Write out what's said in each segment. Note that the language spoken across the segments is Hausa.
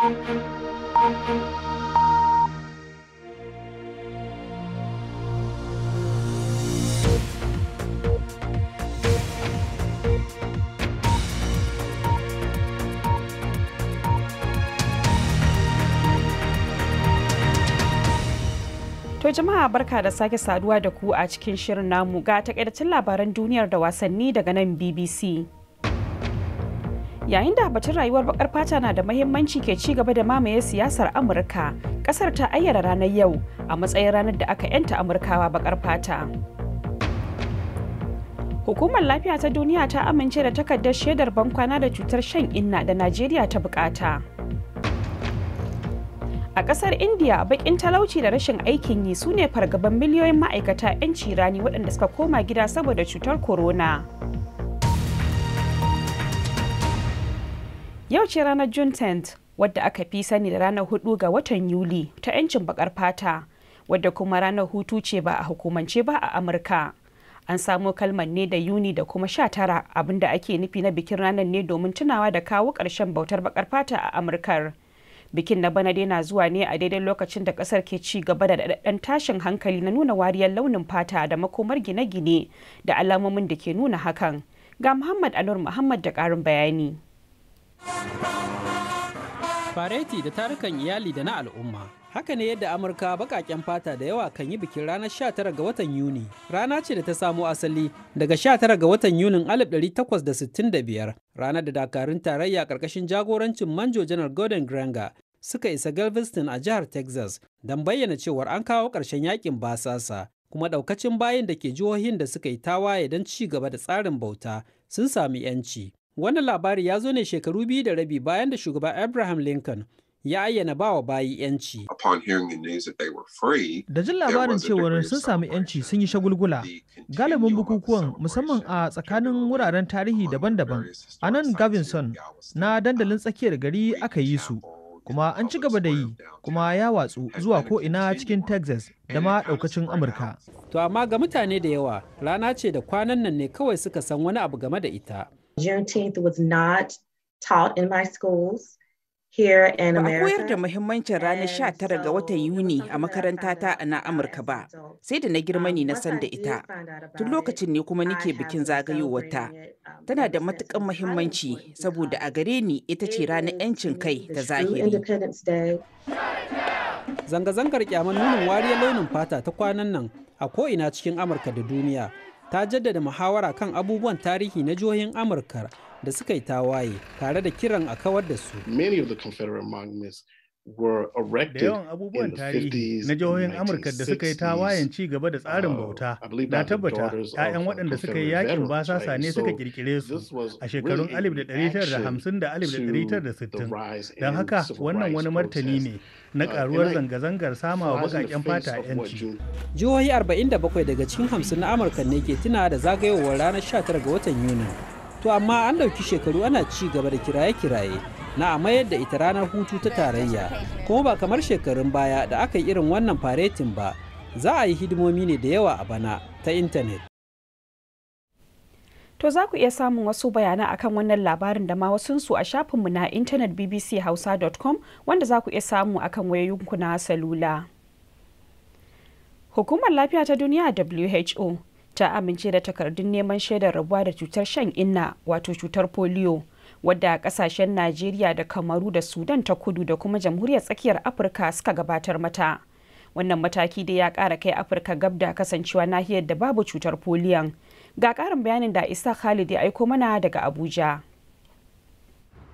to jama'a barka da sake saduwa da ku a cikin shirin namu ga takaitaccen labaran duniyar da wasanni daga nan BBC. yayin da batun rayuwar bakar fata na da mahimmanci ke ci gaba da mamaye siyasar amurka kasar ta ayyana ranar yau a matsayin ranar da aka yanta amurkawa bakar fata hukumar lafiya ta duniya ta amince da takardar shaidar bankwana da cutar shan inna da najeriya ta bukata a kasar india bakin talauci da rashin aikin yi su ne fargaban miliyoyin ma'aikata 'yanci rani waɗanda suka koma gida saboda cutar corona. Yau ce ranar June 10 wadda aka fi sani da ranar hudu ga watan Yuli ta 'yancin bakar fata wadda kuma ranar hutu ce ba a hukumance ba a Amurka. An samo kalmar ne da Yuni da kuma sha 19 abinda ake nufi na bikin ranar ne domin tunawa da kawo karshen bautar bakar fata a Amurkar. Bikin na bana dai na zuwa ne a daidai lokacin da kasar ke ci gaba da daɗaɗɗen tashin hankali na nuna wariyar launin fata da makomar gine-gine da alamomin da ke nuna hakan. Ga Muhammad Anur Muhammad da ƙarin bayani. fareti da tarukan iyali da na al'umma haka ne yadda amurka bakaken fata da yawa kan yi bikin ranar 19 ga watan yuni rana ce da ta samo asali daga 19 ga watan yunin 1865 ranar da dakarun tarayya ƙarƙashin jagorancin manjo janar gordon granger suka isa galveston a jihar texas don bayyana cewar an kawo ƙarshen yakin basasa kuma ɗaukacin bayan da ke jihohin da suka yi tawaye don ci gaba da tsarin bauta sun sami 'yanci Wannan labari ya zo ne shekaru biyu da rabi bayan da shugaba Abraham Lincoln ya ayyana ba wa bayi yanci. Da jin labarin cewar sun sami yanci sun yi shagulgula, galibin bukukuwan musamman a tsakanin wuraren tarihi daban-daban a nan Gavinson na dandalin tsakiyar gari aka yi su. kuma an ci gaba da yi kuma ya watsu zuwa ko ina cikin texas da ma daukacin amurka to amma ga mutane da yawa rana ce da kwanan nan ne kawai suka san wani abu game da ita Juneteenth was not taught in my schools. Ba a koyar da muhimmancin ranar 19 ga watan Yuni a makarantata a na Amurka ba, sai da na girma um, ne na san da ita. Tun lokacin ne kuma nike bikin zagayowarta. Um, Tana da matukan muhimmanci saboda a gare ni ita ce ranar 'yancin kai da zahiri. Zanga-zangar kyaman nunin wariyar launin fata ta kwanan nan a ko'ina cikin Amurka da duniya ta jaddada muhawara kan abubuwan tarihi na jihohin amurka da suka yi tawaye tare da kiran a kawar da su many of were erected da yawan abubuwan tarihi na jihohin Amurka da suka yi tawayen ci gaba da tsarin uh, bauta na tabbata ‘ya'yan waɗanda suka yi yakin basasa sane suka kirkire su a shekarun 1950 da 1960 don haka wannan wani martani ne na karuwar uh, zanga-zangar samawa bakaken fata yanci. Jihohi 47 daga cikin 50 na Amurka ne ke tuna da zagayowar ranar 19 ga watan Yuni. To amma an ɗauki shekaru ana ci gaba da kiraye-kiraye na a mayar da ita ranar hutu ta tarayya kuma ba kamar shekarun baya da aka yi irin wannan faretin ba za a yi hidimomi ne da yawa a bana ta intanet To za ku iya samun wasu bayanan akan wannan labarin da ma wasunsu a shafinmu na intanet bbchausa.com wanda za ku iya samu akan wayoyinku na salula. Hukumar lafiya ta duniya WHO ta amince da takardun neman shaidar rabuwa da cutar shan inna wato cutar polio. wadda kasashen najeriya da kamaru da sudan ta kudu da kuma jamhuriyar tsakiyar afirka suka gabatar mata wannan mataki dai ya kara kai afirka gab da kasancewa nahiyar da babu cutar foliyon ga karin bayanin da isa khalid ya aiko mana daga abuja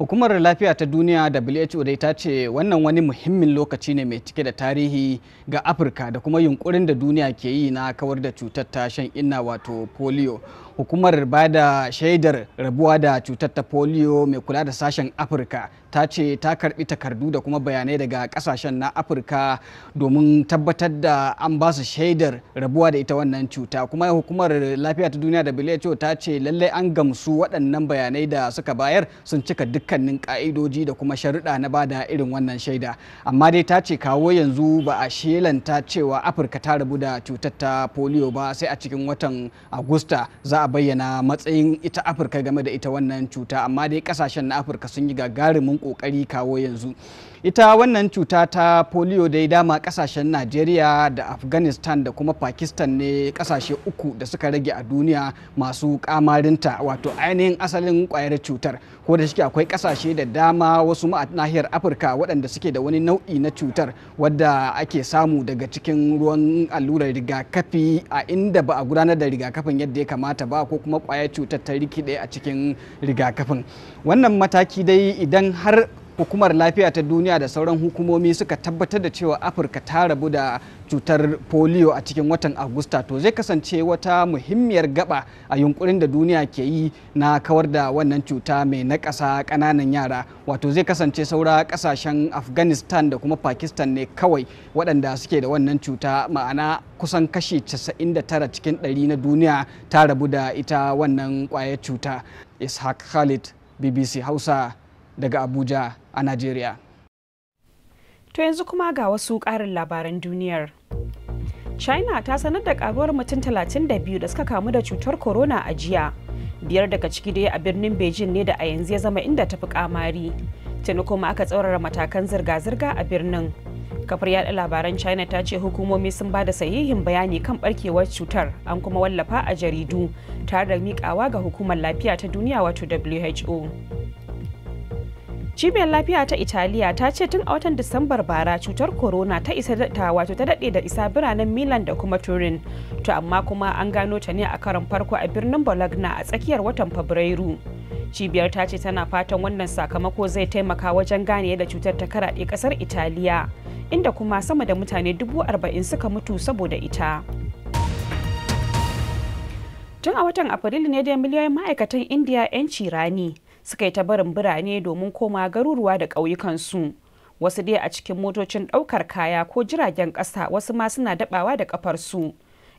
hukumar lafiya ta duniya who dai ta ce wannan wani muhimmin lokaci ne mai cike da tarihi ga afirka da kuma yunkurin da duniya ke yi na kawar da cutar ta shan inna wato polio hukumar ba da shaidar rabuwa da cutar ta polio mai kula da sashen afirka ta ce ta karbi takardu da kuma bayanai daga kasashen na afirka domin tabbatar da an ba su shaidar rabuwa da ita wannan cuta kuma hukumar lafiya ta duniya da who ta ce lallai an gamsu waɗannan bayanai da suka bayar sun cika dukkanin ka'idoji da kuma sharuɗa na bada irin wannan shaida amma dai ta ce kawo yanzu ba a shelanta cewa afirka ta rabu da cutar ta polio ba sai a cikin watan agusta za a bayyana matsayin ita afirka game da ita wannan cuta amma dai kasashen na afirka sun yi gagarumin ƙoƙari kawo yanzu ita wannan cuta ta polio dai dama kasashen najeriya da afghanistan da kuma pakistan ne kasashe uku da suka rage a duniya masu kamarinta wato ainihin asalin kwayar cutar ko da shike akwai kasashe da dama wasu ma nahiyar afirka waɗanda suke da wani nau'i na cutar wadda ake samu daga cikin ruwan allurar rigakafi a inda ba a gudanar da rigakafin yadda ya kamata ba ko kuma kwayar cutar ta rikide a cikin rigakafin wannan mataki dai idan har hukumar lafiya ta duniya da sauran hukumomi suka tabbatar da cewa afirka ta rabu da cutar polio a cikin watan agusta to zai kasance wata muhimmiyar gaba a yunkurin da duniya ke yi na kawar da wannan cuta mai na ƙasa ƙananan yara wato zai kasance saura ƙasashen afghanistan da kuma pakistan ne kawai waɗanda suke da wannan cuta ma'ana kusan kashi 99 cikin 100 na duniya ta rabu da ita wannan ƙwayar cuta ishaq khalid bbc hausa daga Abuja a Najeriya. To yanzu kuma ga wasu ƙarin labaran duniyar. China ta sanar da karuwar mutum 32 da suka kamu da cutar corona a jiya. Biyar daga ciki dai a birnin Beijing ne da a yanzu ya zama inda tafi kamari. Tuni kuma aka tsaurara matakan zirga-zirga a birnin. Kafar yada labaran China ta ce hukumomi sun ba da sahihin bayani kan barkewar cutar an kuma wallafa a jaridu tare da miƙawa ga hukumar lafiya ta duniya wato WHO. cibiyar lafiya ta italiya ta ce tun a watan disambar bara cutar corona ta isa ta wato ta dade da isa biranen milan da kuma turin to amma kuma an gano ta ne a karon farko a birnin bologna a tsakiyar watan fabrairu cibiyar ta ce tana fatan wannan sakamako zai taimaka wajen gane da cutar ta karaɗe kasar italiya inda kuma sama da mutane dubu arba'in suka mutu saboda ita tun a watan afrilu ne da miliyoyin ma'aikatan indiya 'yanci rani suka yi ta barin birane domin koma garuruwa da ƙauyukansu wasu dai a cikin motocin ɗaukar kaya ko jiragen ƙasa wasu ma suna daɓawa da ƙafarsu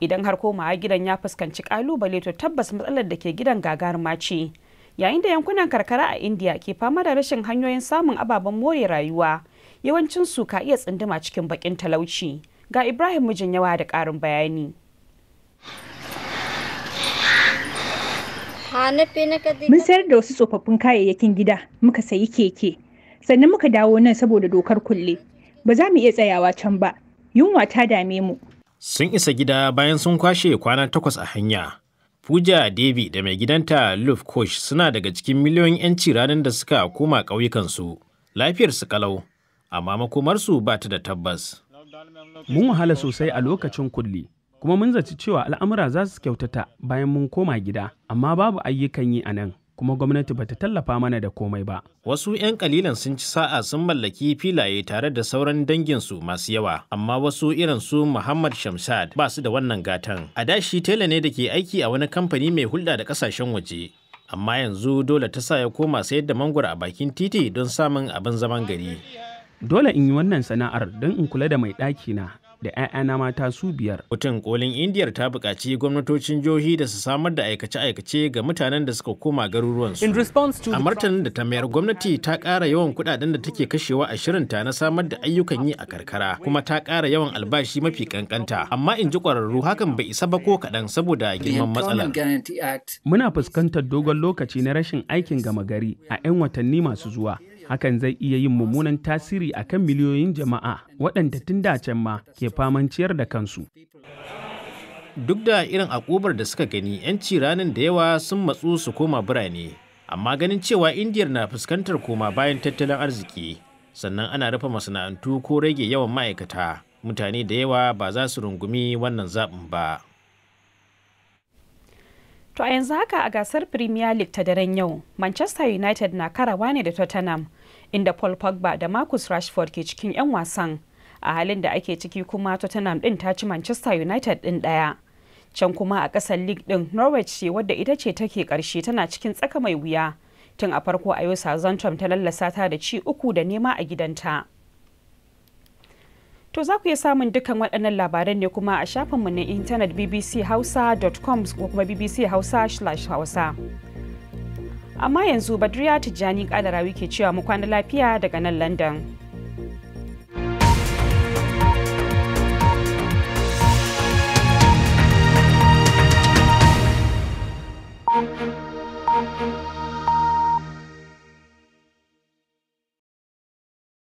idan har komawa gidan ya fuskanci ƙalubale to tabbas matsalar da ke gidan gagaruma ce yayin da yankunan karkara a indiya ke fama da rashin hanyoyin samun ababen more rayuwa yawancinsu ka iya tsinduma cikin baƙin talauci ga ibrahim mijin yawa da ƙarin bayani Mun sayar da wasu tsofaffin kayayyakin gida muka sayi keke, sannan muka dawo nan saboda dokar kulle. Ba za mu iya tsayawa can ba, yunwa ta dame mu. Sun isa gida bayan sun kwashe kwana takwas a hanya. Puja Devi da mai gidanta Luf Kosh suna daga cikin miliyoyin 'yanci ranar da suka koma ƙauyukansu. Lafiyarsu kalau, amma makomarsu ba ta da tabbas. Mun wahala sosai a lokacin kulle. kuma mun zaci cewa al'amura za su kyautata bayan mun koma gida amma babu ayyukan yi a nan kuma gwamnati ba ta tallafa mana da komai ba. Wasu 'yan kalilan sun ci sa'a sun mallaki filaye tare da sauran danginsu masu yawa, amma wasu irin su Muhammad Shamsad ba su da wannan gatan. A dashi tela ne da ke aiki a wani kamfani mai hulɗa da ƙasashen waje. Amma yanzu dole ta sa ya koma sayar da mangwaro a bakin titi don samun abin zaman gari. Dole in yi wannan sana'ar don in kula da mai ɗaki na. da 'ya'yana mata su biyar. mutum kolin Indiyar ta buƙaci gwamnatocin jihohi da su samar da aikace-aikace ga mutanen da suka koma garuruwansu. A martanin da ta mayar gwamnati ta ƙara yawan kuɗaɗen da take kashewa a shirinta na samar da ayyukan yi a karkara kuma ta ƙara yawan albashi mafi ƙanƙanta Amma in ji ƙwararru hakan bai isa ba ko kaɗan saboda girman matsalar. Muna fuskantar dogon lokaci na rashin aikin gama gari a 'yan watanni masu zuwa. hakan zai iya yin mummunan tasiri a kan miliyoyin jama'a waɗanda tun dacen ma ke faman ciyar da kansu. Duk da irin akubar da suka gani 'yanci ranar da yawa sun matsu su koma birane, amma ganin cewa Indiyar na fuskantar koma bayan tattalin arziki, sannan ana rufe masana'antu ko rage yawan ma'aikata, mutane da yawa ba za su rungumi wannan zaɓin ba. To a yanzu haka a gasar Premier League ta daren yau, Manchester United na karawa ne da Tottenham inda Paul Pogba da Marcus Rashford ke cikin 'yan wasan. A halin da ake ciki kuma Tottenham ɗin ta ci Manchester United din daya Can kuma a ƙasar League din Norwich ce wadda ita ce take ƙarshe tana cikin tsaka mai wuya. Tun a farko a yau Southampton ta lallasa ta da ci uku da nema a gidanta. To za ku iya samun dukkan waɗannan labaran ne kuma a shafinmu na intanet bbchausa.com ko kuma bbchausa/hausa. amma yanzu badriya tijjani kadarawi ke cewa mu kwana lafiya daga nan london